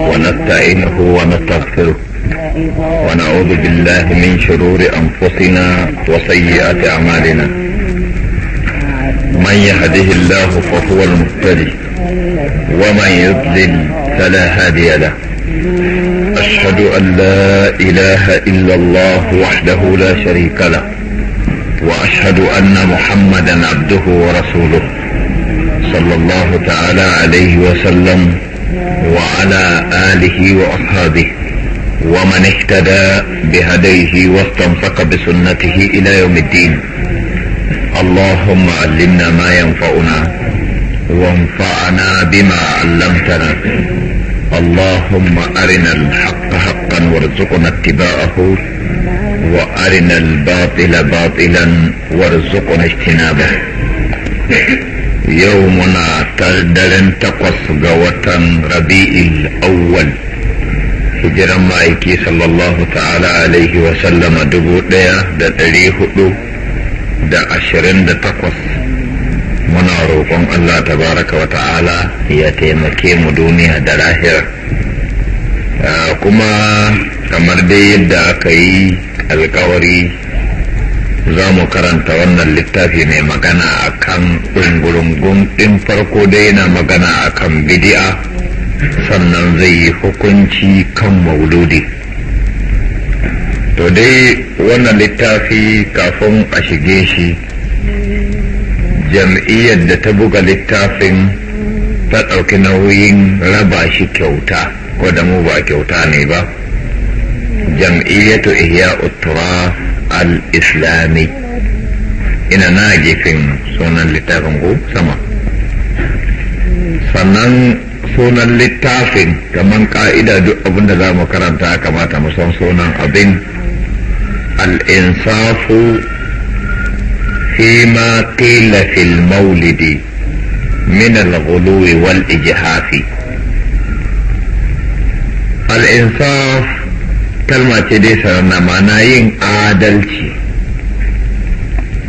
ونستعينه ونستغفره ونعوذ بالله من شرور أنفسنا وسيئات أعمالنا من يهده الله فهو المهتدي ومن يضلل فلا هادي له أشهد أن لا إله إلا الله وحده لا شريك له وأشهد أن محمدا عبده ورسوله صلى الله تعالى عليه وسلم وعلى آله وأصحابه ومن اهتدى بهديه واستمسك بسنته إلى يوم الدين اللهم علمنا ما ينفعنا وانفعنا بما علمتنا اللهم أرنا الحق حقا وارزقنا اتباعه وأرنا الباطل باطلا وارزقنا اجتنابه yau muna daren takwas ga watan rabi'il awwal hijiran ma'aiki sallallahu ta'ala alaihi wa sallama dubu daya da dari hudu da ashirin da takwas muna roƙon allah tabaraka wa ta'ala ya taimake mu duniya da lahira ah, kuma kamar dai yadda aka yi alkawari za mu karanta wannan littafi mai magana a kan ɗungurungun ɗin farko dai yana magana a kan bidi'a sannan zai yi hukunci kan mauludi to dai wannan littafi kafin a shige shi jam'iyyar da ta buga littafin ta ɗauki nauyin raba shi kyauta ko da mu ba kyauta ne ba jam'iyyatu ihya uttura al-islami ina na gefen sunan littafin ko sama sannan sunan littafin kamar ka'ida duk abinda za mu karanta kamata mu san sunan abin al-insafu فيما قيل في المولد من الغلو al الإنصاف kalma ce dai sarana mana yin adalci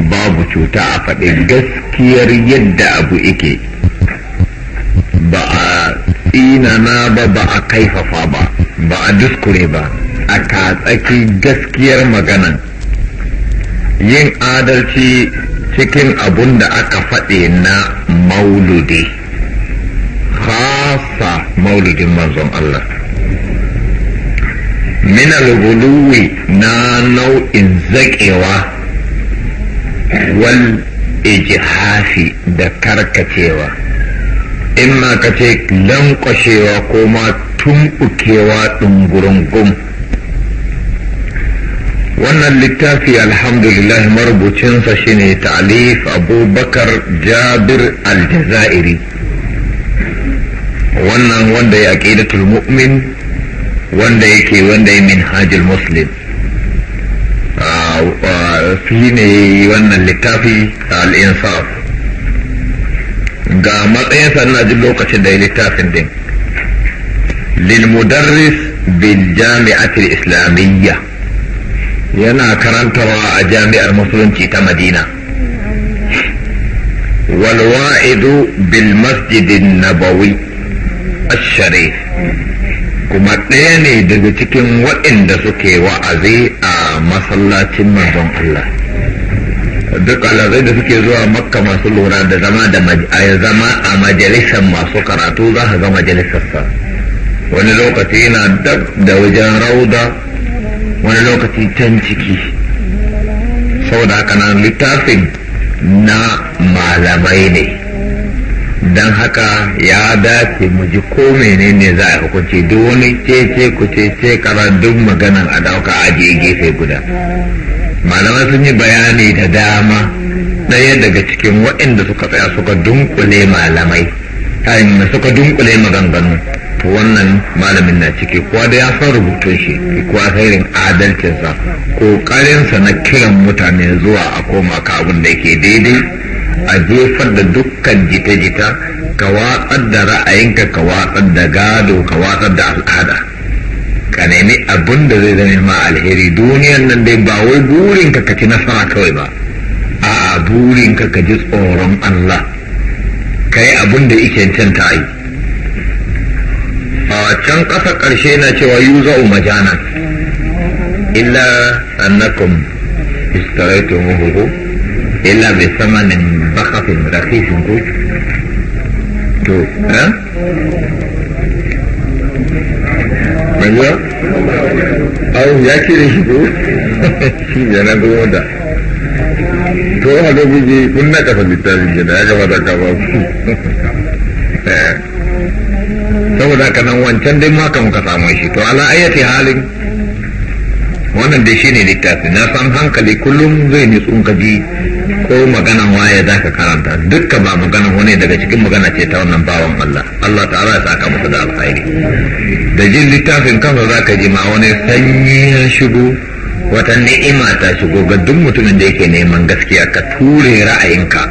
babu cuta a faɗi gaskiyar yadda abu ike ba a tsinana ba ba a kaifafa ba ba a duskure ba a katsaki gaskiyar magana yin adalci cikin abun da aka faɗi na mauludi khasa mauludin manzon Allah min al na nau'in zaƙewa wal ijhafi da karkacewa imma ka ce lankwashewa ko ma tumɓukewa ɗungurungun wannan littafi alhamdulillah marubucinsa shine ta'alif abubakar jabir aljazairi wannan wanda ya aqidatul mu'min wanda yake wanda ya min hajjil muslim shi ne wannan littafi al'insaf ga matsayin sannan jin lokacin da ya littafin din lilmudarris bil jami'atul islamiyya yana karantarwa a jami'ar musulunci ta madina والواعظ بالمسجد النبوي الشريف kuma ɗaya ne daga cikin waɗanda suke wa'azi a masallacin manzon Allah duk alazai da suke zuwa makka masu lura da zama da zama a majalisar masu karatu za ka ga majalisarsa wani lokaci yana dab da wajen rauda wani lokaci can ciki saboda haka nan littafin na malamai ne don haka ya dace mu ji ko menene za a hukunci duk wani cece ku cece kara duk maganan a dauka ajiye gefe guda malamai sun yi bayani da dama ɗaya daga cikin waɗanda suka tsaya suka dunkule malamai kayan suka dunkule maganganu to wannan malamin na ciki kuwa da ya san rubutun shi kuwa sairin adalcinsa ƙoƙarinsa na kiran mutane zuwa a koma ka da yake daidai a jefar da dukkan jita-jita ka watsar da ra'ayinka ka watsar da gado ka watsar da al'ada ka nemi abin da zai zama ma alheri duniyan nan dai ba wai burinka ka ci nasara kawai ba a'a burinka ka ji tsoron Allah ka yi abin da yake canta yi a can ƙasa ƙarshe na cewa yi zau majana illa annakum istaraitumuhu illa bi samanin sakhafin rakhishin ko to eh Majiya? Awu ya kire shi ko? Shi ne na goma da. To a lokaci e. kun na kafa littafin gida ya kamata ka ba ku. Saboda haka nan wancan dai maka muka samu shi. To ala ayyati halin wannan dai shi ne littafin na san hankali kullum zai nutsu ka ji ko maganan waye za ka karanta dukka ba magana wani daga cikin magana ce ta wannan bawan Allah Allah ta'ala ya saka musu da alkhairi da jin littafin kansa za ka ji ma wani sanyi ya shigo wata ni'ima ta shigo ga duk mutumin da yake neman gaskiya ka ture ra'ayinka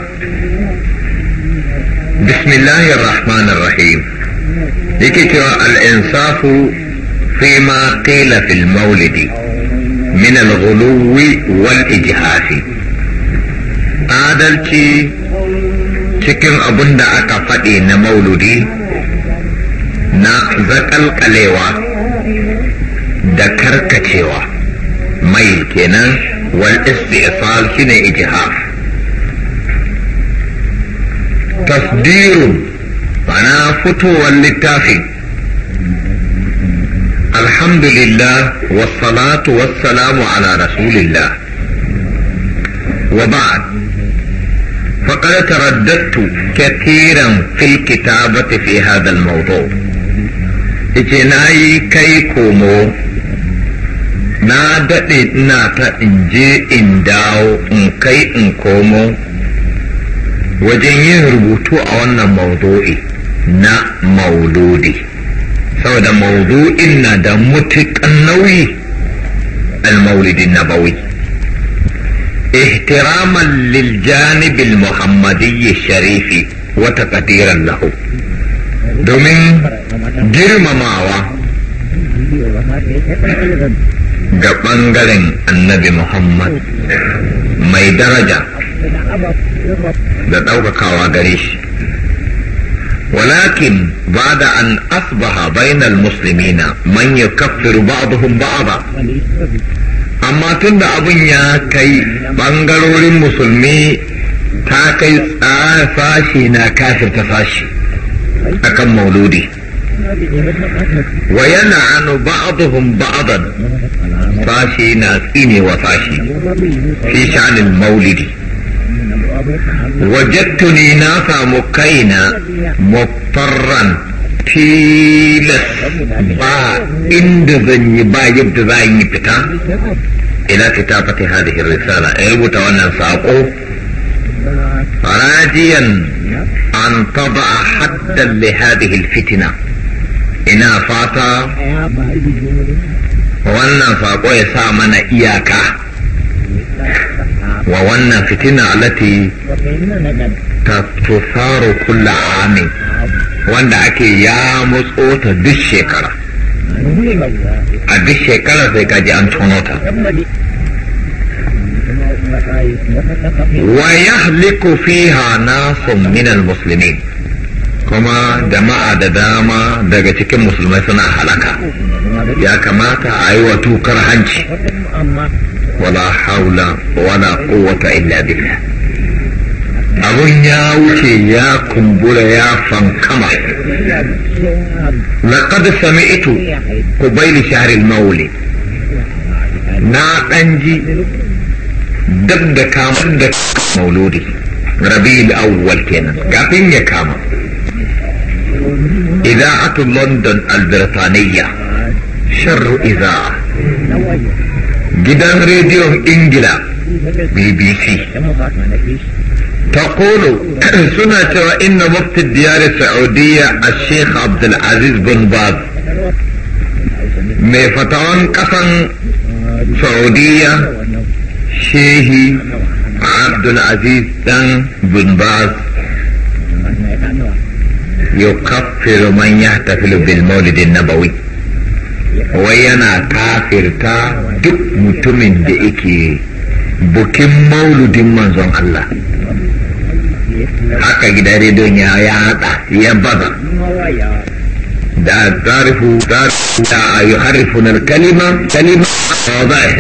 bismillahir rahmanir rahim yake cewa al-insafu fi ma qila fil maulidi min al-ghuluwi wal ijhasi adalci cikin abin da aka faɗi na mauludi na zaƙalƙalewa da karkacewa mai kenan wal istisal shine ijhar tasdirun ana fitowar littafi. الحمد لله والصلاة والسلام على رسول الله فقد ترددت كثيرا في الكتابة في هذا الموضوع إجناي كيكومو na daɗe ina ta in je in dawo in kai in komo wajen yin rubutu a wannan maudu'i na mauludi, saboda maudu'in na da mutuƙan nauyi al na nabawi احتراما للجانب المحمدي الشريف وتقديرا له دومين جرم ماوا ɓangaren النبي محمد mai درجة da كاوا غريش ولكن بعد أن أصبح بين المسلمين من يكفر بعضهم بعضا amma tun da abin ya kai ɓangarorin musulmi ta kai sashi na kafir ta sashi akan mauludi wa yana anu ba'aduhum ba'adan sashi na tsine wa sashi fi sha'anin maulidi wajattuni na samu kaina muftarran tilas ba inda zan yi ba yadda za yi fita Ina fita fata hadihi risala ya rubuta wannan saƙo rajiyan an taba haddan li hadihi fitina ina fata wannan saƙo ya sa mana iyaka wa wannan fitina alati ta tusaru kulla amin wanda ake ya mutso ta duk shekara a duk shekara sai kaji an tono ta wa yahliku fiha nasun minal muslimin kuma jama'a da dama daga cikin musulmai suna halaka ya kamata a yi wa tukar hanci wala haula wala quwwata illa billah abun ya wuce ya kumbura ya fankama sami sami'tu ku shahr al-mawlid na ɗan ji dab da kamun da mauludi rabi'ul awwal kenan kafin ya kama إذاعة لندن البريطانية شر إذاعة جدا راديو إنجلا بي بي سي تقول سمعت وان مفتي الديار السعوديه الشيخ عبد العزيز بن باز مي مفتون قصن سعوديه شيخ عبد العزيز بن باز يكفر من يحتفل بالمولد النبوي وينا كافر تا دك متمن بكم مولد من الله هكاكي داري دنيا يا بابا دا تعرفوا دا يحرفون الكلمة كلمة وضعه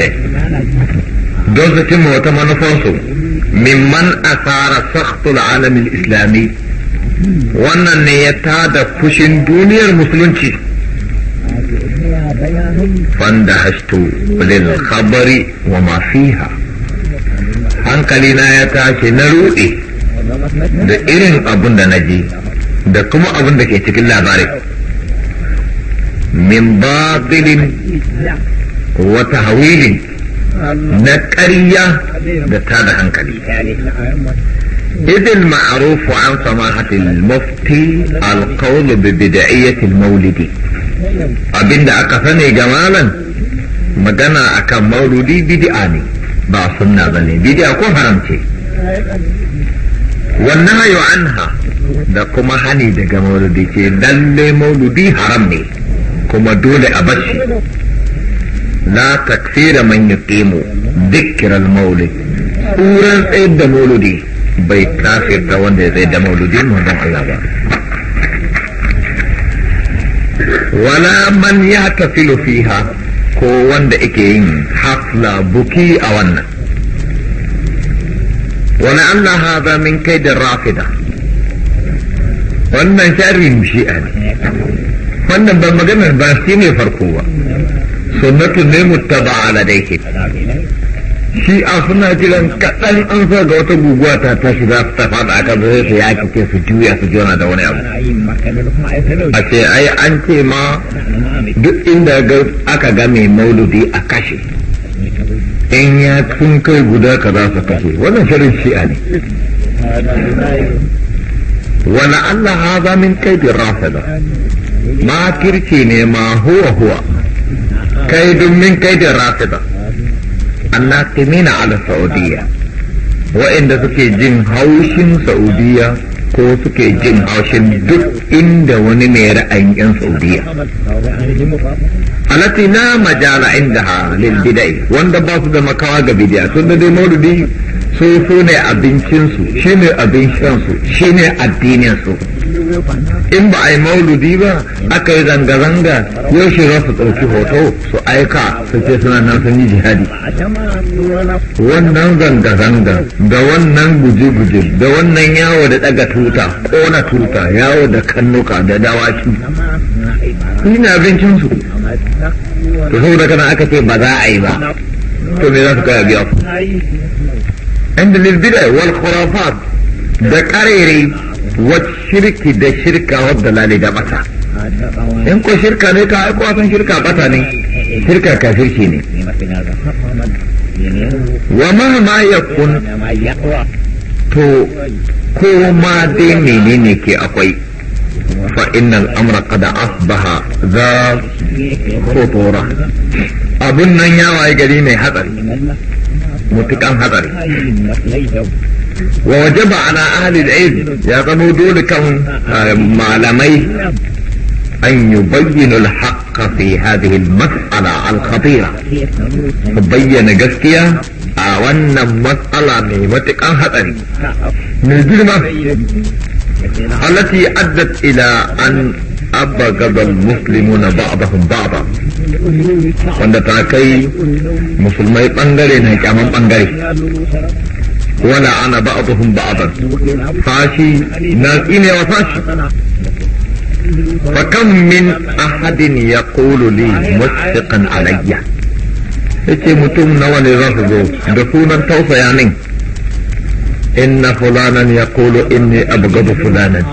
دوزة موتما ممن أثار سخط العالم الإسلامي وانا نيتا دا دوني دنيا المسلمشي فاندهشتو للخبر وما فيها هنقلنا يتاشي نروئي da irin abun da na ji da kuma abun da ke cikin labarin min wata wata hawilin na ƙarya da ta da hankali إذ المعروف عن سماحة المفتي القول ببدعية maulidi abin da aka sani malam magana akan mauludi bid'a ne ba sunna ba ne bid'a ko haramce wannan hayo anha da kuma hani daga mauludi ce lalle mauludi haram ne kuma dole a bashi la takfira man yuqimu al maulid tsuran tsayar da mauludi bai kafirta wanda ya tsayar da mauludi manzon Allah ba wala man ya tafilu fiha ko wanda yake yin hafla buki a wannan ولعل هذا من كيد الرافضة wannan sharrin shi'a ne wannan ban maganar ba shi ne farko ba sunnatu ne muttaba ala daiki shi'a suna jiran kaɗan an sa ga wata guguwa ta tashi za su a da aka su ya kike su juya su juna da wani abu a ce ai an ce ma duk inda aka ga mai mauludi a kashe in ya kun kai guda ka za su kashe wannan shirin shi'a ne wani Allah haza min kaidin rafida ma kirki ne ma huwa huwa kaidun min kaidin rafida annaqimina ala saudiya wa'inda suke jin haushin saudiya ko suke jin haushin duk inda wani mai ra'ayin yan saudiya alati na majala inda ha lil bidai wanda ba su da makawa ga bidai sun da dai maududi sun abincinsu shine ne abincinsu shi ne in ba a yi mauludi ba aka yi zanga-zanga yaushe za su ɗauki hoto su aika su ce suna nan sun yi jihadi wannan zanga-zanga da wannan guje-guje da wannan yawo da ɗaga tuta ƙona tuta yawo da kannuka da dawaki ina abincinsu to saboda kana aka ce ba za a yi ba to me za su kaya biya ku. Inda lil wal da ƙarere. wa shirki da shirka da bata in ko shirka ne ka aiko san shirka bata ne shirka ka ne wa ma ma kun? to ko ma dai menene ke akwai فإن الأمر قد أصبح ذا خطورة أبن يا واي قديمي حذر متكام hatsari. ووجب على أهل العلم يغنوا دولكهم معلمي أن يبينوا الحق في هذه المسألة الخطيرة بين جسكيا a wannan matsala mai matukan hatsari mai girma allati addat ila an abagada muslimuna ba'dahum ba'da wanda ta kai musulmai bangare na kyaman bangare ولا انا بعضهم بعضا فاشي ناس اني وفاشي فكم من احد يقول لي مشفقا علي يتي متوم نواني رفضو دخونا توفى يعني إن فلانا يقول إني أبغض فلانا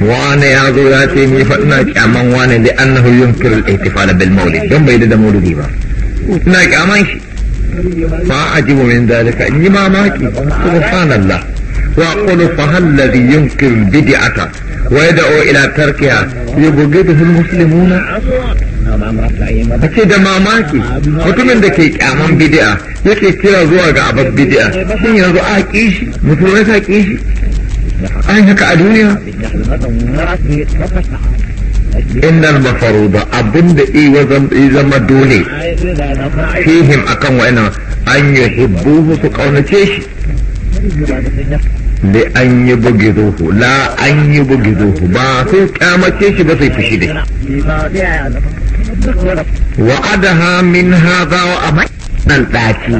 وأنا يا ذولاتي مي فتناك أمان لأنه ينكر الاحتفال بالمولد جنب يدد مولدي با فتناك أمانش فأعجب من ذلك إني ما ماكي سبحان الله وأقول فهل الذي ينكر البدعة ويدعو إلى تركها يبغضه المسلمون Ake da mamaki mutumin da ke kyaman bidi'a yake kira zuwa ga abas bidi'a sun yanzu a kishi musulmai sa kishi an haka a duniya innal mafaruda abinda i zama dole fihim akan wa'ina an yi hibbuhu su kaunace shi da an yi bugi la an yi bugi ba sai kyamace shi ba sai fushi da wa'adaha min haza wa amai nan ɗaci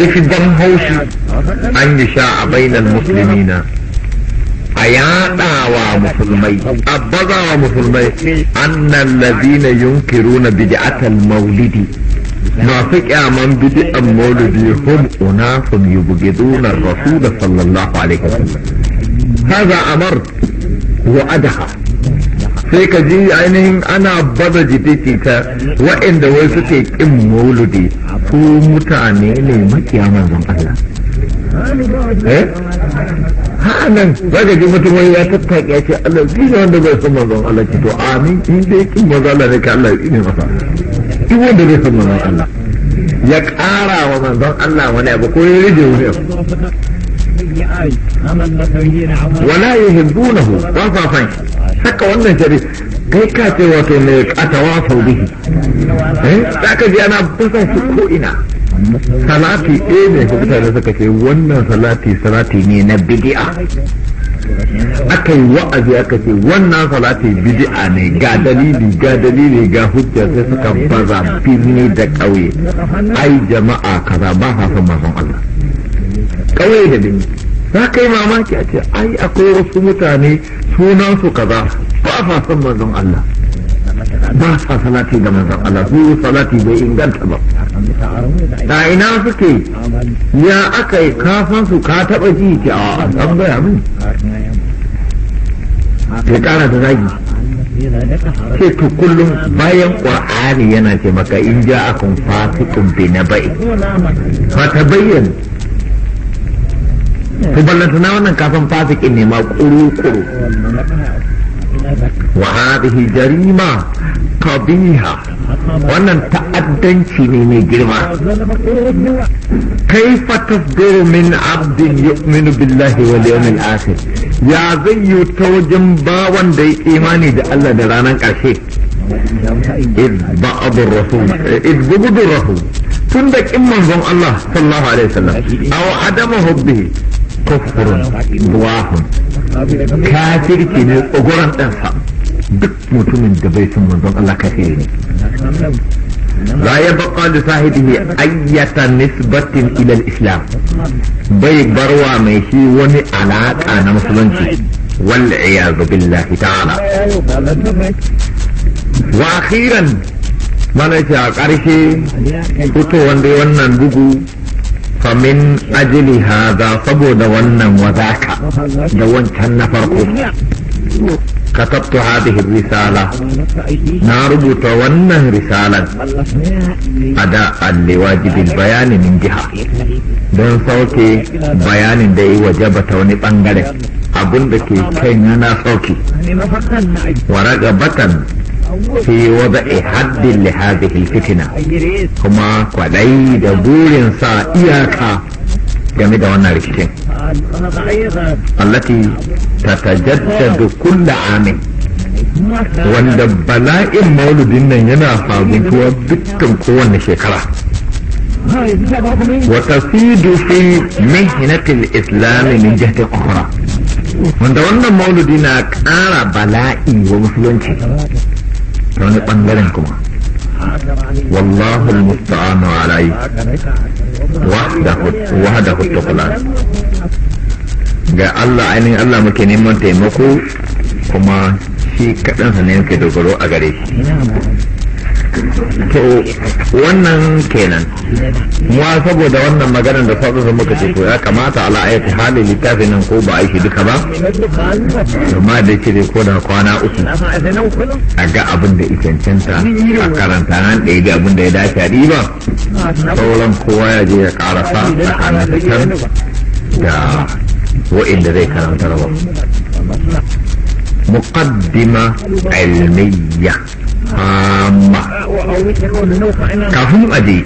ya fi ban haushi an yi sha a bainar musulmina a yaɗawa musulmai a bazawa musulmai annan lazina na bid'atal maulidi masu kyaman bid'an maulidi hum unasun yubghiduna rasul sallallahu alaihi wasallam hadha amar wa adaha sai ka ji ainihin ana baza jidiki ta wa'inda wai suke kin maulidi su mutane ne makiyaman zan Allah Eh? ha'anan za ka ji mutum wani ya tattaki ya Allah shi ne wanda bai san manzon Allah ki to amin in dai kin manzon Allah ne ka Allah ya ne masa in wanda bai san manzon Allah ya ƙara wa manzon Allah wani abu ko ya rage wani abu wala yuhibbunahu wa fa fa haka wannan shari kai ka ce wato ne atawafu bihi eh za ka ji ana busan shi ko ina salati ɗaya ne ko mutane suka ce wannan salati salati ne na bidi'a aka yi wa'azi aka ce wannan salati bidi'a ne ga dalili ga dalili ga hujja sai suka baza birni da ƙauye ai jama'a kaza ba sa son Allah ƙauye da birni za ka yi mamaki a ce ai akwai wasu mutane sunansu kaza ba sa son Allah ba sa salati ga manzon Allah su salati bai inganta ba da ina suke ya aka yi su ka taba ji ce a an gaya min ke kara da zagi ce to kullum bayan ƙur'ani yana ce maka in ja akun fasikun bi na bai ba ta bayyana to wannan kasan fasikin ne ma kuru kuru وهذه جريمة قبيحة wannan ta'addanci ne mai girma kaifa tasdiru min abdin yu'minu billahi wal yawmil akhir ya zai yi ta wajen bawan da ya imani da Allah da ranar ƙarshe id ba'dur rasul id bugudur rasul tun da kin manzon Allah sallallahu alaihi wasallam adama kofurin buwahun kafirci ne tsogoron ɗansa duk mutumin da bai sun manzon Allah kafiri ne la ya baqa da sahibihi ayyata nisbatin ilal islam bai barwa mai shi wani alaka na musulunci wal iyadu billahi ta'ala wa akhiran mana ce a ƙarshe fito wanda wannan bugu famin ajili haza saboda wannan wazaka da wancan na farko Ka كتبت هذه الرسالة نربط ونه رسالة أداء لواجب البيان bayanin جهة don sauke bayanin da yi wajaba wani bangare Abun da ke kai na sauki wa ragabatan fi wada'i haddin li hadhihi fitina kuma kwadai da burin sa iyaka game da wannan rikicin allati tatajaddadu kulla amin wanda bala'in mauludin nan yana faguntuwa dukkan kowanne shekara وتفيد في مهنة الإسلام من جهة أخرى wanda wannan mauludi na ƙara bala'i wa musulunci ta wani ɓangaren kuma wallahu almusta'anu alai wahdahu wahdahu ga Allah ainihin Allah muke neman taimako kuma shi kaɗansa ne muke dogaro a gare shi to wannan kenan mu saboda wannan maganar da sauran da muka ce to ya kamata ala ayati hali littafin nan ko ba aiki duka ba amma da yake dai ko da kwana uku a ga abin da cancanta a karanta nan da ya abin da ya dace a riba sauran kowa ya je ya karasa tsakanin fitar da wa'inda zai karanta ba muqaddima ilmiyya amma kafin aje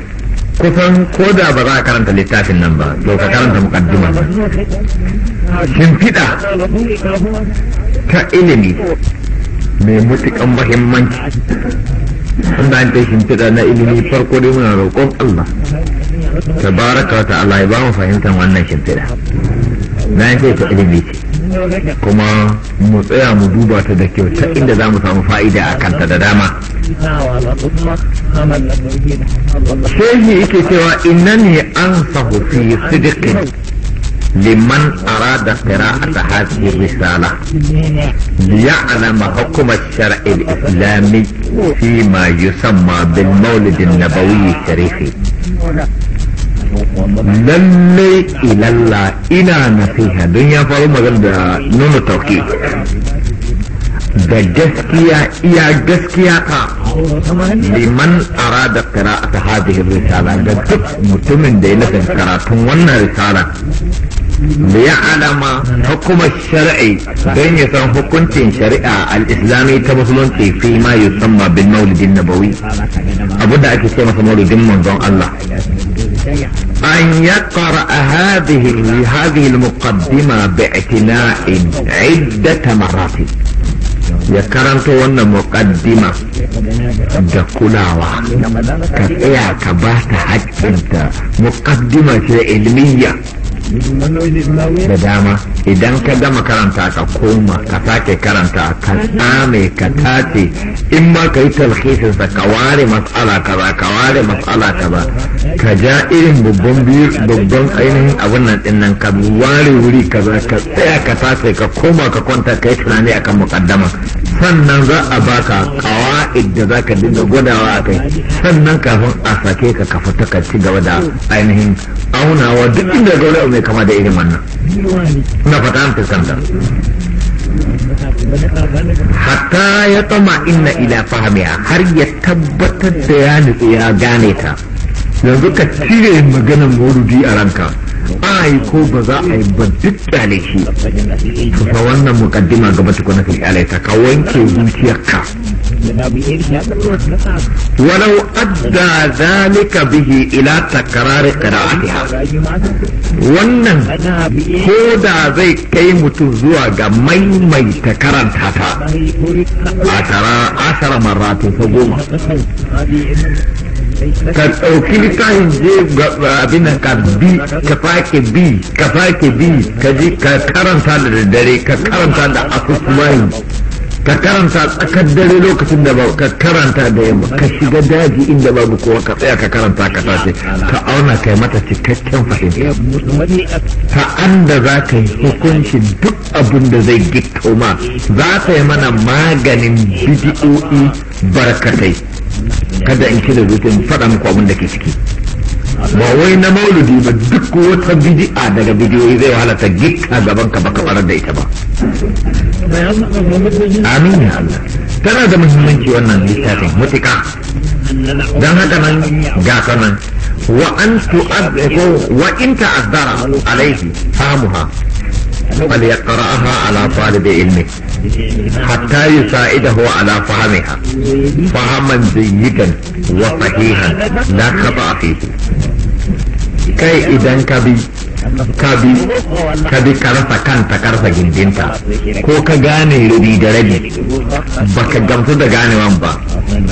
kusan ko da ba za a karanta littafin nan ba to ka karanta mukaddima ba shimfiɗa ta ilimi mai mutukan mahimmanci wanda an shin fiɗa na ilimi farko dai muna roƙon Allah tabaraka wa ta'ala ya ba mu fahimtar wannan shimfiɗa na yanke ta ilimi ce kuma mu tsaya mu duba ta da kyau ta inda za mu samu fa'ida a kanta da dama shehi yake cewa ne an sahu fi sidiqin liman ara arada ta hasi risala ya alama hukumar shar islami fi ma yusamma bil bin an-nabawi sharifi. lallai ilalla ina nasiha don ya faru magana da nuna tauki da gaskiya iya gaskiya ka liman arada ta hadhihi risala da duk mutumin da ya nufin karatun wannan risala da ya alama hukumar shari'i don ya san hukuncin shari'a al-islami ta musulunci fi ma yusamma bin maulidin nabawi abu da ake ce masa maulidin manzon Allah أن يقرأ هذه هذه المقدمة باعتناء عدة مرات يا كرنتو وانا مقدمة دكولاوا كفيا كباتا حتى مقدمة علمية da dama idan ka gama karanta ka koma ka sake karanta ka tsame ka tace in ma ka yi talhisinsa ka ware matsala ba ka ware matsala ba ka ja irin babban biyu babban ainihin abin nan din nan ka ware wuri kaza ka tsaya ka tace ka koma ka kwanta ka yi tunani akan mukaddama sannan za a baka kawa da za ka dinga gwadawa a kai sannan kafin a sake ka kafa ka ci gaba da ainihin aunawa duk inda gauri abu mai kama da irin wannan na fata an fuskanta hatta ya tsama inna ila fahamiya har ya tabbatar da ya nutsu ya gane ta yanzu ka cire maganar murudi a ranka a ko ba za a yi ba duk tsale shi fa wannan mukaddima gaba tukuna fi alaita ka wanke zuciyarka ولو أدى ذلك به إلى تكرار قراءتها wannan ko da zai kai mutum zuwa ga maimaita karanta ta a tara asara maratu ta goma ka ɗauki littafin je abin ka bi ka fake bi ka fake bi ka ji ka karanta da daddare ka karanta da asusumayi ka karanta tsakar dare lokacin da ba ka karanta da yamma ka shiga daji inda babu kowa ka tsaya ka karanta ka tashi ka auna kai mata cikakken fahimta ka anda za ka yi hukunci duk abin da zai gittoma za ta yi mana maganin bidi'o'i barkatai kada in kira zuciya faɗa muku abin da ke ciki ba wai na mauludi ba duk wata bidi'a daga bidiyoyi zai halatta gikka gaban ka baka farar da ita ba amin ya Allah tana da muhimmanci wannan littafin mutuka don haka nan ga nan wa an tu'azzara wa in ta'azzara alaihi fahimuha فليقرأها على طالب علمه حتى يساعده على فهمها فهما جيدا وصحيحا لا خطأ فيه kai idan ka bi ka bi ka bi ka rasa kanta ka rasa gindinta ko ka gane rabi da rabi baka gamsu da ganewan ba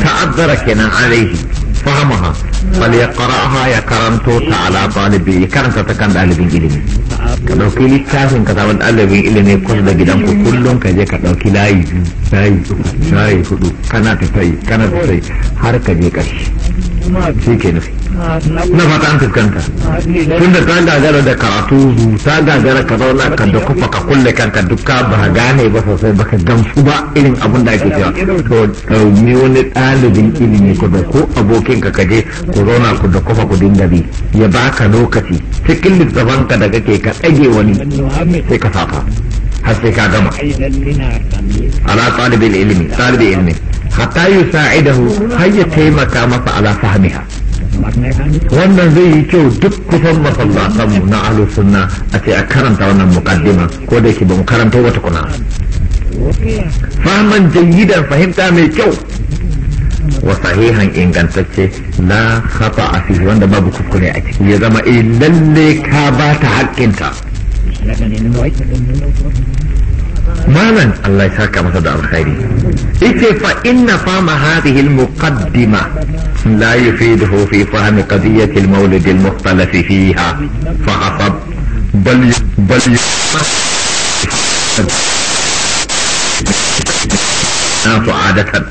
ta'azzara kenan alaihi fahamaha fal yaqra'aha ya karanto ta ala talibi karanta ta kan dalibin ilimi ka ɗauki littafin ka samu ɗalibin ilimi kwas da gidanku kullum ka je ka ɗauki layi biyu layi layi hudu kana ta sai kana har ka je ƙarshe shi ke nufi na fata an fuskanta tunda ta gagara da karatu ta gagara ka zauna ka da kufa ka kulle kanka duka ba ka gane ba sosai ba ka gamsu ba irin abin da ake cewa to ɗaumi wani ɗalibin ilimi ku da ko abokin ka kaje ku zauna ku da kufa ku dinga bi ya baka lokaci cikin ka da kake ka tsage wani sai ka safa har sai ka gama ala ɗalibin ilimi ɗalibin ilimi hatta yusa'idahu har ya taimaka masa ala fahmiha wannan zai yi kyau duk kusan masallatan mu na ahlu sunna a ce a karanta wannan muqaddima ko da yake ba mu karanta wata kuna fahimtar jayyidan fahimta mai kyau wa sahihan ingantacce na khata a fi wanda babu kuskure a ciki ya zama eh lalle ka ba ta haƙƙinta مالن الله يسالك ما تدعو الخير فإن فهم هذه المقدمة لا يفيده في فهم قضية المولد المختلف فيها فعصب بل بل ي... عادة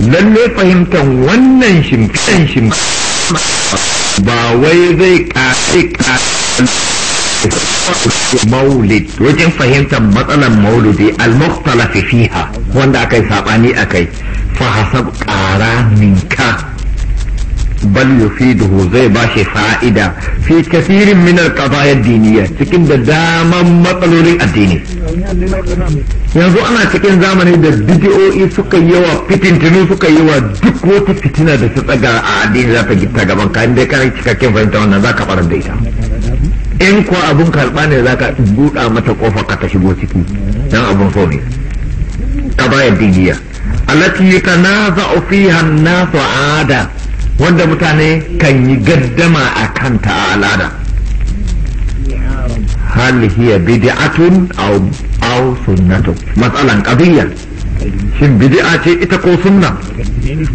لن يفهم ونن شمك شمك باوي ذيك آسك آسك maulid wajen fahimtar matsalar maulidi al fi fiha wanda akai sabani akai fa hasab qara minka bal yufiduhu zai ba shi fa'ida fi kathirin min al-qadaya diniya cikin da daman matsalolin addini yanzu ana cikin zamani da bidiyoyi suka yawa fitintinu suka yawa duk wata fitina da ta tsaga a addini za ta gita gaban ka inda kai cikakken fahimta wannan za ka fara da ita in kuwa abin karɓa ne za ka buɗa mata ƙofa ka ta shigo ciki don abun so ne ka bayar digiya alati tanaza fiha su nasu ada wanda mutane kan yi gaddama a kanta a al'ada hal hiya bid'atun aw aw sunnatu matsalan qadiyya shin bid'a ce ita ko sunna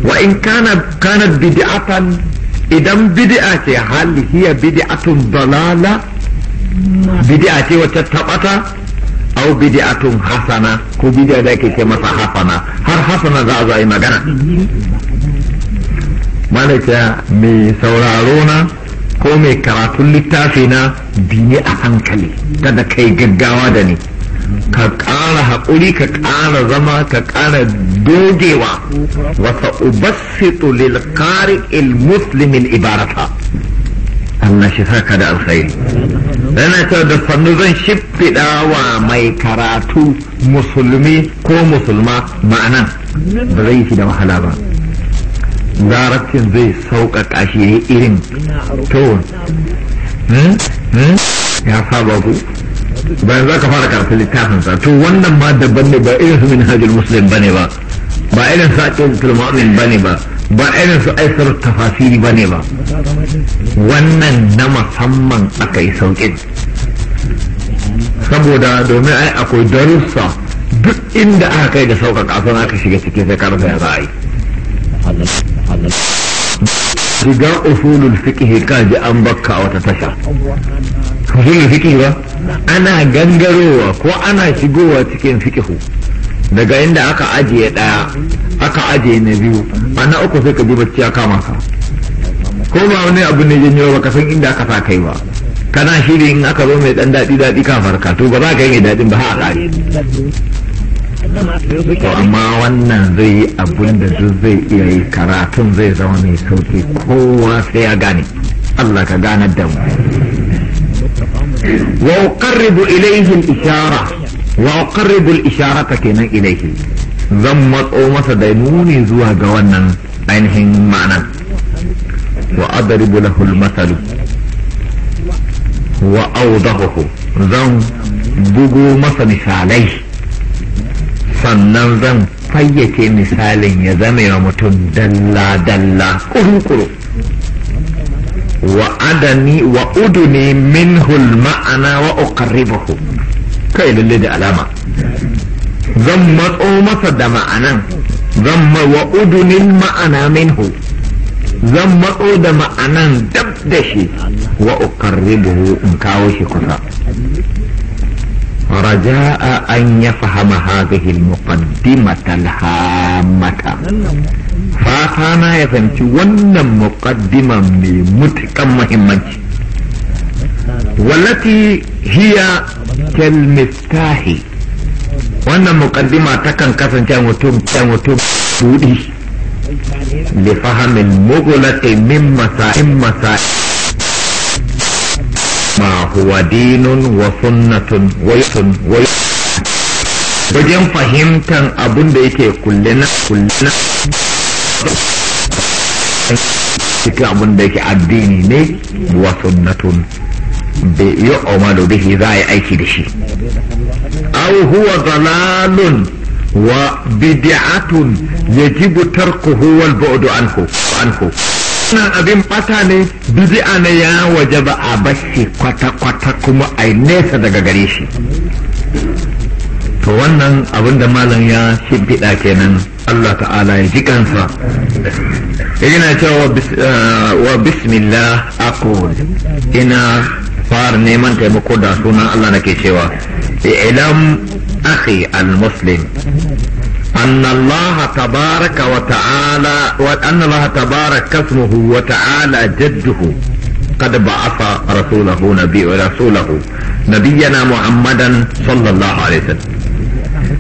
wa in kana kana bid'atan idan bid'a ce hal hiya bid'atun dalala bidi'a ce wacce tabbata au bid'atun hasana ko bidi'a da ake ce masa hasana har hasana za a zo yi magana malaka mai sauraro na ko mai karatun littafi na biye a hankali kada kai gaggawa da ni ka ƙara haƙuri ka ƙara zama ka ƙara dogewa wasa ubassitu lil qari muslimin ibarata Allah shi saka da alkhairi yana cewa da sannu zan shimfiɗa wa mai karatu musulmi ko musulma ma'anan ba zai shi da wahala ba larabcin zai sauƙaƙa shi ya yi irin to hmm? hmm? ya saba ku bayan za ka fara karatu littafinsa to wannan ma daban ne ba irin su min hajjul muslim ba ne ba ba irin sa ake ba ne ba ba irin su aisar tafasiri ba ne ba wannan na musamman aka yi sauƙin saboda domin ai akwai darussa duk inda aka kai da sauka kasan aka shiga cikin sai karfa ya za yi riga usulul fiqh ka ji an bakka wata tasha usulul fiqh ba ana gangarowa ko ana shigowa cikin fikihu. daga inda aka ajiye daya aka ajiye na biyu a na uku sai ka ji bacci ya kama ka ko ba wani abu ne janyo ba ka san inda aka sa kai ba kana shiri in aka zo mai dan daɗi daɗi ka farka to ba za ka yi daɗin ba haka ne. to amma wannan zai yi abun da duk zai iya yi karatun zai zama mai sauki kowa sai ya gane Allah ka ganar da mu wa uqarribu ilayhi al-ishara wa uqarribul isharata kenan ilaihi zan matso masa da nuni zuwa ga wannan ainihin ma'ana wa adribu lahu al-masalu wa awdahu zan bugu masa misalai sannan zan fayyace misalin ya zame wa mutum dalla-dalla kuru-kuru wa adani wa uduni minhul ma'ana wa uqarribuhu kai lalle da alama zan matso masa da ma'anan zan mawa udunin ma'ana minhu zan matso da ma'anan dab da shi wa ukarri buhu in kawo shi kusa raja a an ya fahama hazihil muqaddimatal hamata fata na ya fahimci wannan muqaddiman mai mutukan muhimmanci wallati hiya kalmittahi wannan ta takan kasance mutum ta mutum budi li fahamin mughlaqi min masa'in masa'in ma huwa dinun wa sunnatun wa yutun wa wajen fahimtan abin da yake kulle na kulle na cikin abin da yake addini ne wa sunnatun yi umaru bihi za a yi aiki da shi au huwa zalalun wa bid'atun yajibu tarkuhu wal bu'du anhu anhu wannan abin bata ne bidi'a ne ya waje ba a bashi kwata kwata kuma a nesa daga gare shi to wannan abin da malam ya shimfiɗa kenan Allah ta'ala ya ji kansa yana cewa eh, wa bismillah aqul ina fara neman taimako da suna Allah nake cewa idan akhi al-muslim an Allah tabaraka jadduhu قد بعث رسوله نبي رسوله نبينا محمدا صلى الله عليه وسلم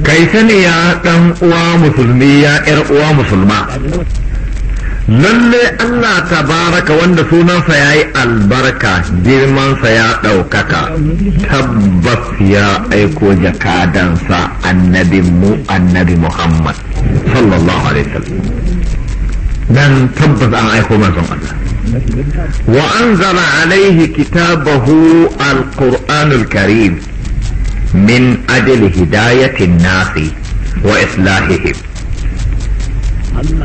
كيف lalle Allah tabaraka wanda sunansa ya yi albarka girmansa ya ɗaukaka tabbas ya aiko jakadansa annabinmu annabi Muhammad sallallahu alaihi wasallam dan tabbas an aiko manzon Allah wa anzala alaihi kitabahu alqur'anul karim min ajli hidayatin nasi wa islahihim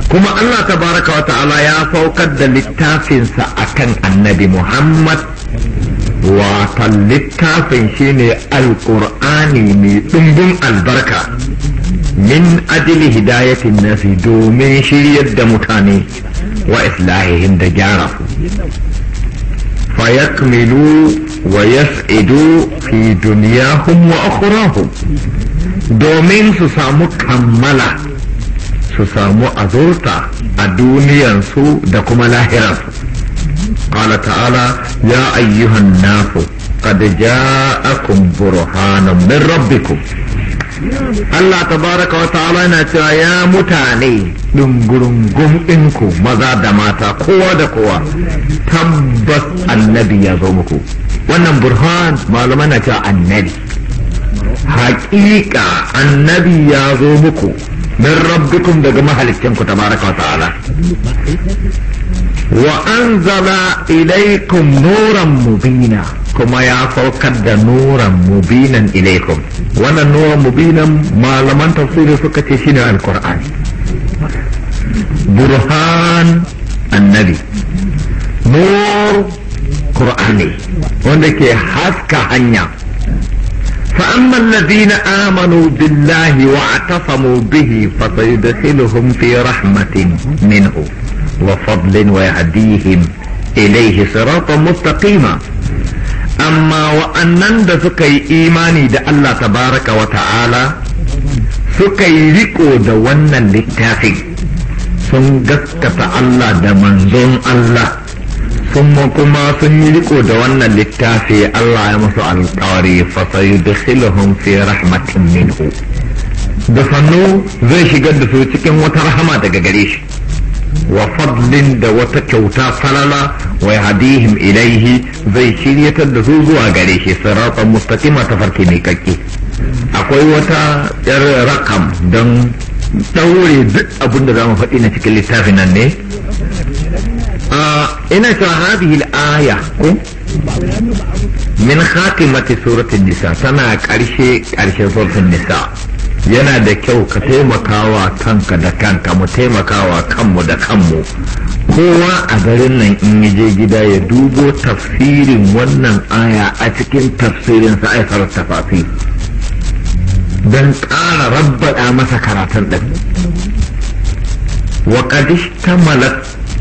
kuma Allah tabaraka wa ta'ala ya saukar da littafinsa akan annabi Muhammad Wata littafin shine alkur'ani mai ɗumbin albarka min ajili hidayatin nasi domin shiryar da mutane wa islahihim da gyara fayakmilu wa yas'idu fi duniyahum wa akhirahum domin su samu kammala su samu azurta a duniyarsu da kuma lahiransu قال تعالى يا أيها الناس قد جاءكم برهان من rabbiku Allah tabaraka wa ta'ala na cewa ya mutane dungurungun ɗinku maza da mata kowa da kowa tabbas annabi ya zo muku wannan burhan malama na cewa annabi haƙiƙa annabi ya zo muku min rabbikum daga mahalicinku tabaraka wa ta'ala wa anzala ilaikum nuran mubina kuma ya saukar da nuran mubinan ilaikum wannan nuran mubinan malaman tafsiri suka ce shine alkur'ani burhan annabi nur qur'ani wanda ke haska hanya فأما الذين آمنوا بالله واعتصموا به فسيدخلهم في رحمة منه وفضل ويهديهم إليه صراطا مستقيما أما وأنن سكي إيماني دا الله تبارك وتعالى سكي ريكو دا ونن للتافي سنجسك الله دا منزون الله ثم kuma sun yi riko da wannan littafi Allah ya musu alƙawari fa sayudkhiluhum fi rahmatin minhu da sannu zai shigar da su cikin wata rahama daga gare shi wa fadlin da wata kyauta falala wa hadihim ilaihi zai shiryatar da su zuwa gare shi siratan mustaqima farki mai kakki akwai wata yar rakam don daure duk abin da za mu faɗi na cikin littafin nan ne ina cewa hadhihi al-aya ko min mata suratul nisa tana karshe karshen suratul nisa yana da kyau ka taimakawa kanka da kanka mu taimakawa kanmu da kanmu kowa a garin nan in je gida ya dubo tafsirin wannan aya a cikin tafsirin sa aikar tafafi don ƙara rabbaɗa masa karatun ɗin wa ta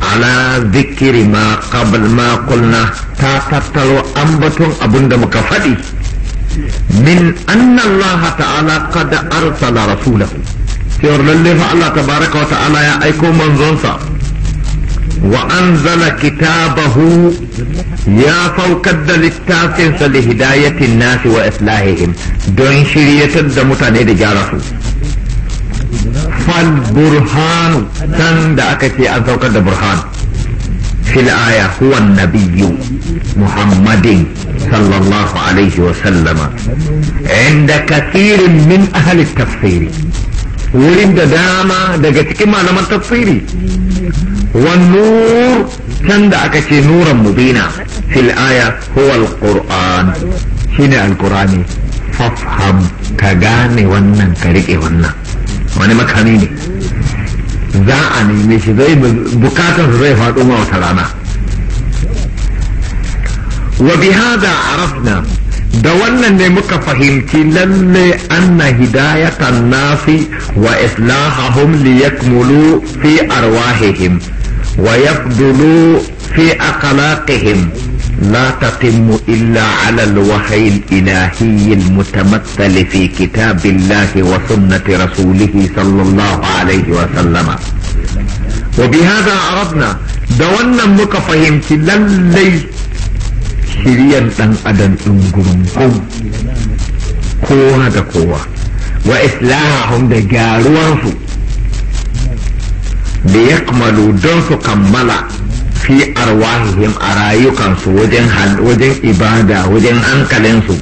ala zikiri ma qabl ma kulna ta tattalo ambaton abin da muka faɗi min anna Allah ta'ala qad arsala rasulahu cewar lalle fa Allah tabaraka wa ta'ala ya aiko manzonsa wa anzala kitabahu ya faukar da littafinsa li hidayatin nasi wa islahihim don shiryatar da mutane da gyara su فالبرهان تن دا أكتي أن توقع برهان في الآية هو النبي محمد صلى الله عليه وسلم عند كثير من أهل التفسير wurin da dama daga cikin malaman tafsiri wannan can da aka ce nuran mubina fil aya huwa alquran shine alqurani fafham ka gane wannan ka rike wannan wani makami ne za a neme shi zai bukatar zai faɗo ma wata rana wa bi hada arafna da wannan ne muka fahimci lalle anna hidayatan nasi wa islahahum liyakmulu fi arwahihim wa yafdulu fi aqlaqihim لا تتم إلا على الوحي الإلهي المتمثل في كتاب الله وسنة رسوله صلى الله عليه وسلم وبهذا عرفنا دوانا مكفهم للي شريا تن أدن قوم قوة دا قوة وإصلاحهم دا جاروانسو ليكملوا دون كملا fi arwahihim a rayukansu wajen wajen ibada wajen hankalinsu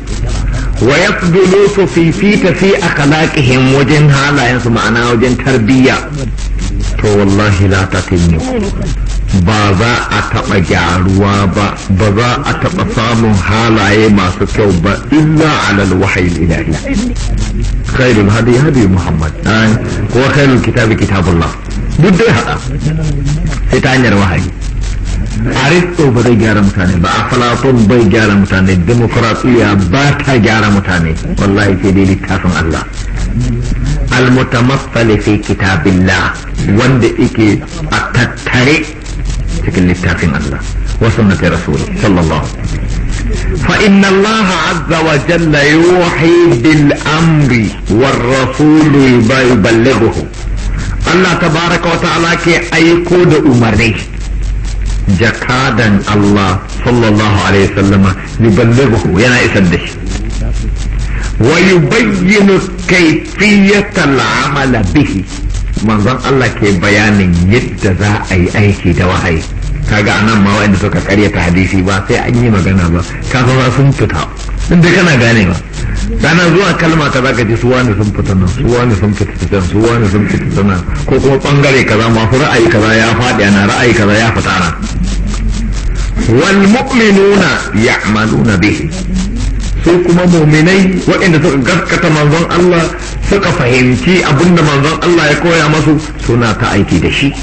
wa yaqdulu su fifita fi akhlaqihim wajen halayensu ma'ana wajen tarbiyya to wallahi la tatimmu ba za a taɓa gyaruwa ba ba za a taɓa samun halaye masu kyau ba illa alal wahayin ilahi khairul hadi hadi muhammad ko khairul kitabi kitabullah duk dai hada sai ta hanyar wahayi aristo ba zai gyara mutane ba aflatun bai gyara mutane demokratiya ba ta gyara mutane wallahi sai dai littafin Allah almutamassal fi kitabillah wanda yake a tattare cikin littafin Allah wa sunnati rasul sallallahu fa inna Allah azza wa jalla yuhi bil amri war rasul yuballighuhu Allah tabaraka wa ta'ala ke aiko da umarni jakadan Allah sallallahu alaihi wasallama yuballighu yana isar da shi wa yubayyinu kayfiyatal amala bihi manzon Allah ke bayanin yadda za a yi aiki da wahayi kaga anan ma wanda suka karyata hadisi ba sai an yi magana ba kaga sun fita dai kana ba ranar zuwa kalma ta zaka ji su wani sun fita nan su wani sun fita can su wani sun fita nan ko kuma bangare kaza masu ra'ayi kaza ya faɗi ana ra'ayi kaza ya fita nan wal mu'minuna ya'maluna bihi sai kuma muminai waɗanda suka gaskata manzon Allah suka fahimci abinda manzon Allah ya koya masu suna ta aiki da shi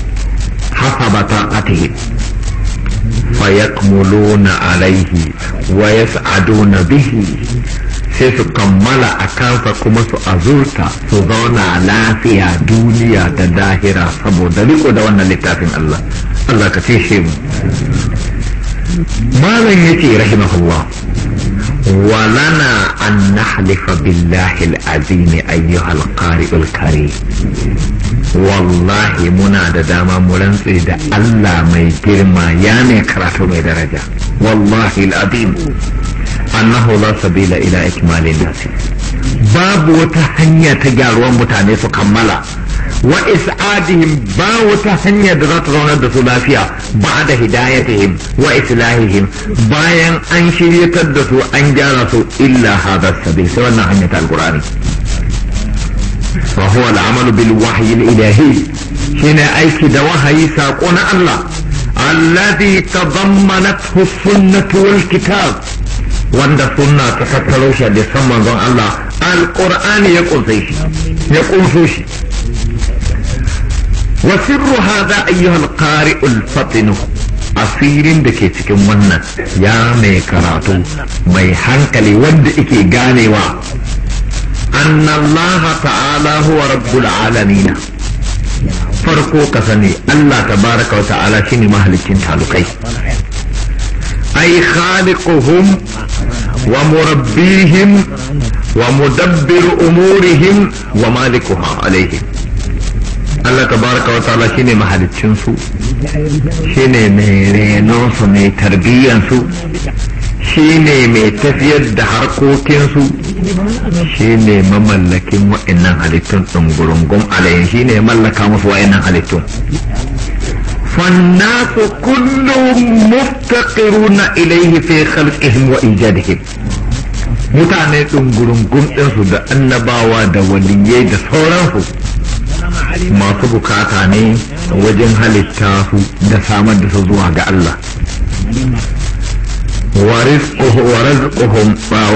hasabata atihi فيكملون عليه ويسعدون به sai su kammala a kansa kuma su azurta su zauna lafiya duniya da dahira saboda riko da wannan littafin Allah Allah ka ce shi mu malam yace rahimahullah ولنا أن نحلف بالله العظيم أيها القارئ الكريم والله منا دا ملنس إذا دا الله يجير ما يامي كراتو درجة والله العظيم أنه لا سبيل إلى إكمال الناس باب وتهنية تجار متانيس كمالا وإسعادهم باوتا هنيا دغط رونا دسو لافيا بعد هدايتهم وإصلاحهم باين أنشي يتدسو أنجارسو إلا هذا السبيل سوانا هنيا القرآن وهو العمل بالوحي الإلهي هنا أيك دوهي ساقون الله الذي تضمنته السنة والكتاب wanda السنة ta دي shi الله القرآن يقول Allah يقول ya وسر هذا أيها القارئ الفطن أسيرين دكي تكي يا مي كراتو مي حنك لود إكي غاني وا أن الله تعالى هو رب العالمين فرقو كسني الله تبارك وتعالى شيني مهلكين تعلقين أي خالقهم ومربيهم ومدبر أمورهم ومالكها عليهم Allah tabaraka wa ta'ala shine mahaliccin su shine mai renon su mai tarbiyyan su shine mai tafiyar da harkokin su shine mamallakin wa'annan halittun dungurungun alayhi shine mallaka musu wa'annan halittun فالناس كلهم مفتقرون إليه في خلقهم وإيجادهم mutane ɗungurungun ɗinsu da annabawa da waliyai da sauransu masu bukata ne wajen halitta su da samar da su zuwa ga Allah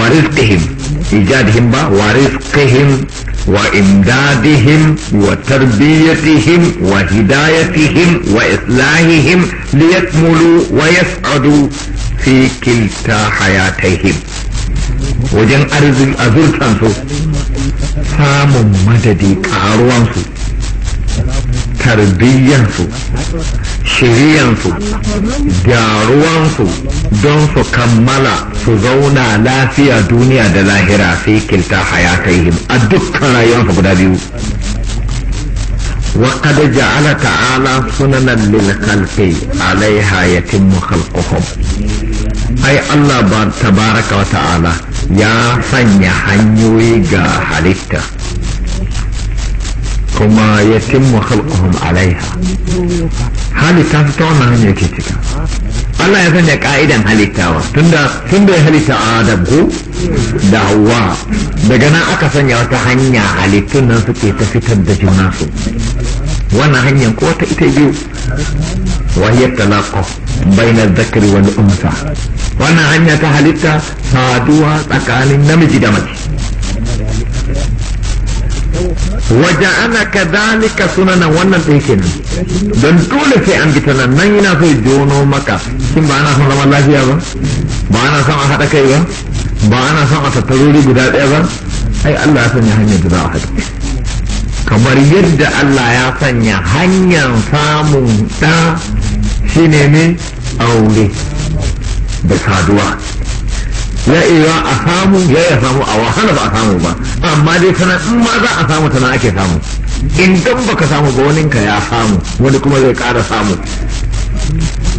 warizqihim ijadihim ba warizqihim wa imdadihim wa tarbiyatihim wa hidayatihim wa islahihim liyakmulu wa yas'adu fi kilta hayatihim wajen arzikin azurtansu samun madadi karuwansu tarbiyyansu shiriyansu gyaruwansu don su kammala su zauna lafiya duniya da lahira sai kilta hayataihim a dukkan rayuwarsu guda biyu وقد جعل تعالى سننا للخلق عليها يتم خلقهم أي الله تبارك وتعالى يا فن حنيوي غا حليتا kuma ya timmu khalquhum alaiha halitta ta wannan hanya ke cika Allah ya sanya ka'idan halittawa tunda tunda ya halitta Adam ko da Hawwa daga nan aka sanya wata hanya halittun na suke ta fitar da juna su wannan hanyar ko ta ita biyu wahiyar talaqo bainar zakari wal unsa wannan hanya ta halitta saduwa tsakanin namiji da mace waje ana ka dalika sunanan wannan ɗin kenan don dole sai an bita nan nan yana so jono maka shin ba ana son zaman lafiya ba ba ana son a haɗa kai ba ba ana son a tattarori guda ɗaya ba ai Allah ya sanya hanyar da za a kamar yadda Allah ya sanya hanyar samun ɗa shine ne aure da saduwa ya iya a samu ya ya samu a wahala ba a samu ba amma dai tana in ma za a samu tana ake samu in dan baka samu ba wani ka ya samu wani kuma zai kara samu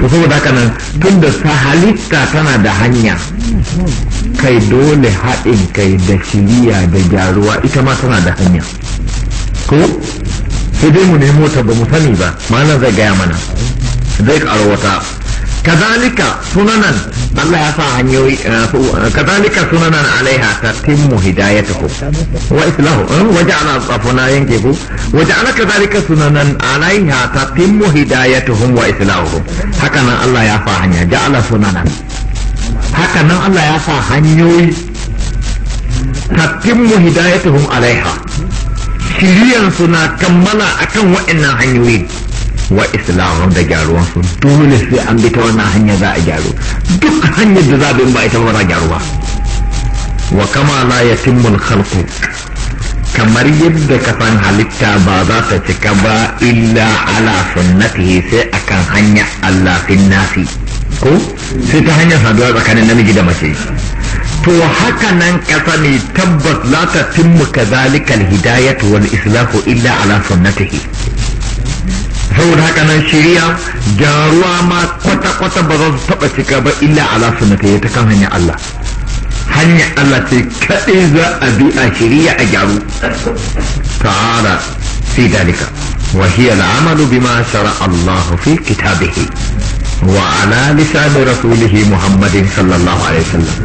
to saboda haka nan tun da ta halitta tana da hanya kai dole haɗin kai da shiriya da gyaruwa ita ma tana da hanya ko sai dai mu nemo ta ba mu sani ba ma'ana zai gaya mana zai karo wata kazalika sunanan Allah ya sa hanyoyi eh, eh, kazalika sunanan alaiha ta tatimmu hidayatuhum wa islahu eh, wa ja'ala tsafuna yanke ku waje ana kazalika sunanan alaiha ta tatimmu hidayatuhum wa islahu haka nan Allah ya sa hanya ja'ala sunanan haka nan Allah ya sa hanyoyi ta tatimmu hidayatuhum alaiha shiriyan suna kammala akan wa'annan hanyoyi wa islamu da gyaruwan dole sai an bi ta wannan hanya za a gyaru duk hanyar da za a bi ba ita ba a gyaru ba wa kama la yatimul khalqu kamar yadda kafan halitta ba za ta cika ba illa ala sunnatihi sai akan hanya Allah fin nasi ko sai ta hanyar saduwa tsakanin namiji da mace to haka nan kasa ne tabbas la tatimmu kadhalikal hidayatu wal islahu illa ala sunnatihi saboda haka nan shiriya gyaruwa ma kwata-kwata ba za su taɓa cika ba illa ala sunnata ya ta kan hanyar Allah hanyar Allah ce kaɗai za a bi a shiriya a gyaru ta'ala fi dalika wa hiya al'amalu bima shara Allah fi kitabihi wa ala lisan rasulihi Muhammadin sallallahu alaihi wasallam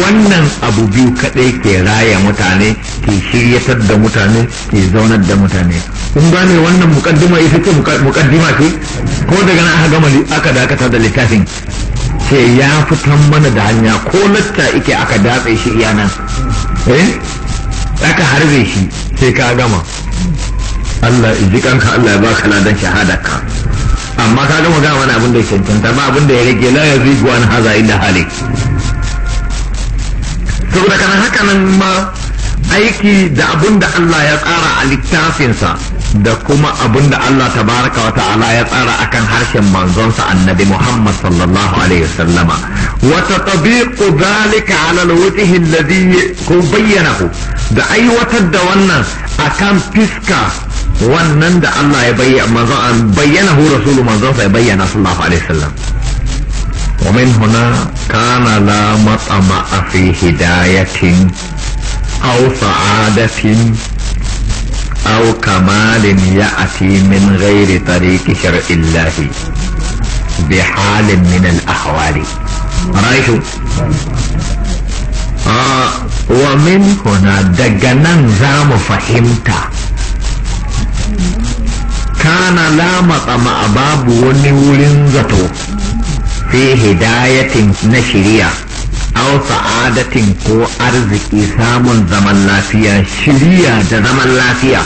wannan abu biyu kaɗai ke raya mutane ke shiryatar da mutane ke zaunar da mutane kun gane wannan mukaddima ita ce mukaddima ce ko daga nan aka gama aka dakata da littafin ce ya fitan mana da hanya ko latta ike aka datse shi iya nan eh aka harbe shi sai ka gama Allah ji kanka Allah ya baka ladan shahadaka amma ka gama gama wani abin da ya cancanta ba abin da ya rage la ya zigu an haza inda hali saboda kana haka nan ma aiki da abin da Allah ya tsara a littafinsa da kuma abinda Allah tabaraka wa ta'ala ya tsara akan harshen manzonsa annabi Muhammad sallallahu alaihi wasallama wa tatbiqu dhalika ala alwajhi alladhi bayyanahu da aiwatar da wannan akan fiska wannan da Allah ya bayyana manzon bayyana hu rasulu manzonsa ya bayyana sallallahu alaihi wasallam ومن هنا كان لا مطمع في هداية أو سعادة أو كمال يأتي من غير طريق شرع الله بحال من الأحوال رأيته آه ومن هنا دقنا زام فهمت كان لا مطمع باب ونولن في هداية نشريه au sa'adatin ko arziki samun zaman lafiya shiriya da zaman lafiya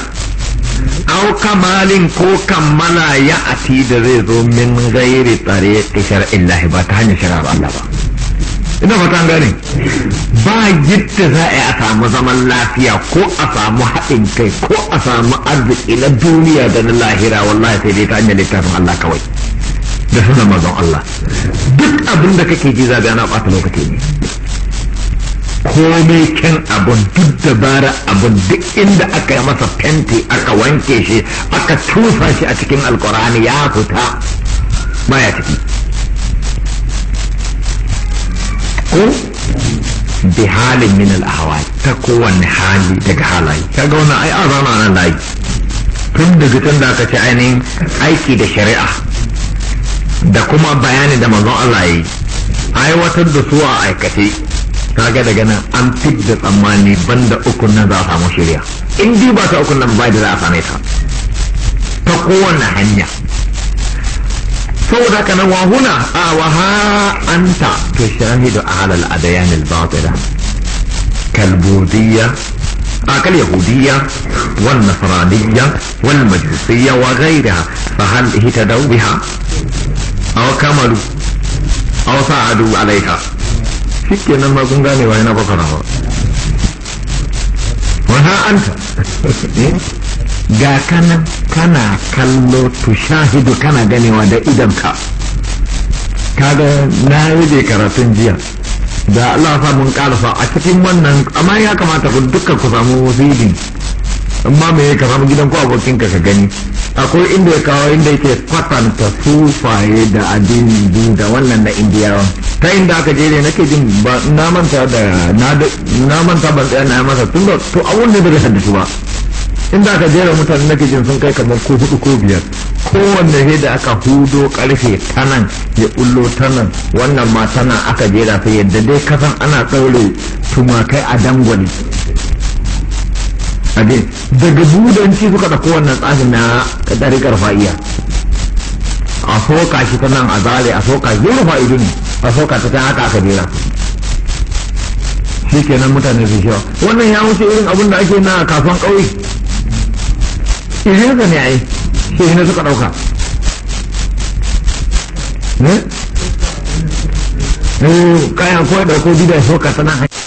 au kamalin ko kammala ya ati da zai zo min gairi tsare tashar illahi ba ta hanyar shirar Allah ba ina fata gane ba yadda za a yi a samu zaman lafiya ko a samu haɗin kai ko a samu arziki na duniya da na lahira wallahi sai dai ta hanyar littafin Allah kawai da sunan mazan Allah duk abin da kake ji zaga na ɓata lokaci ne komai kyan abun duk dabara abun duk inda aka yi masa fenti aka wanke shi aka tufa shi a cikin alkur'ani ya fita baya ciki ko bi halin min al'ahawai ta kowane hali daga halaye ga wani ai an rana nan layi tun daga tun da aka ce ainihin aiki da shari'a da kuma bayani da manzon Allah ya yi aiwatar da su a aikace kaga daga nan an fit da tsammani banda ukun nan za a samu shirya in dai ba ta ukun nan ba da za a same ta ta kowane hanya saboda kana nan wa huna a wa ha anta to shahidu ala al adyan al-batila kal wal kalbudiyya كاليهودية والنصرانية والمجوسية وغيرها فهل اهتدوا بها aw kamalu aw sa'adu alayha shike nan ma kun gane yana baka rawa wata anta eh? ga kana kana kallo tu shahidu kana ganewa da ka kaga na yi karatun jiya da Allah sa mun karfa a cikin wannan amma ya kamata ku dukkan ku samu fidin amma me ka samu gidan ku abokin ka ka gani akwai inda ya kawo inda yake kwatanta sufaye da addinin da wannan na indiyawa ta inda aka jere nake jin ba na manta da na manta ban tsaya na masa tun da to abun ne da bai haddace ba inda aka jera mutane nake jin sun kai kamar ko hudu ko biyar kowanne sai da aka hudo karfe tanan ya bullo tanan wannan ma tana aka jera ta yadda dai kasan ana tsaure tumakai a dangwani a daga budanci suka da kowanne tsafi na ɗarikar fa'iya a soka shi ta nan a zale a soka shi rufa idun a soka ta ta haka aka jera shi kenan mutane su shawa wannan ya wuce irin abin da ake na kafin ƙauye irin ne a yi shi ne suka ɗauka ne? Eh? Eh, kayan kawai ɗauko bidan soka ta nan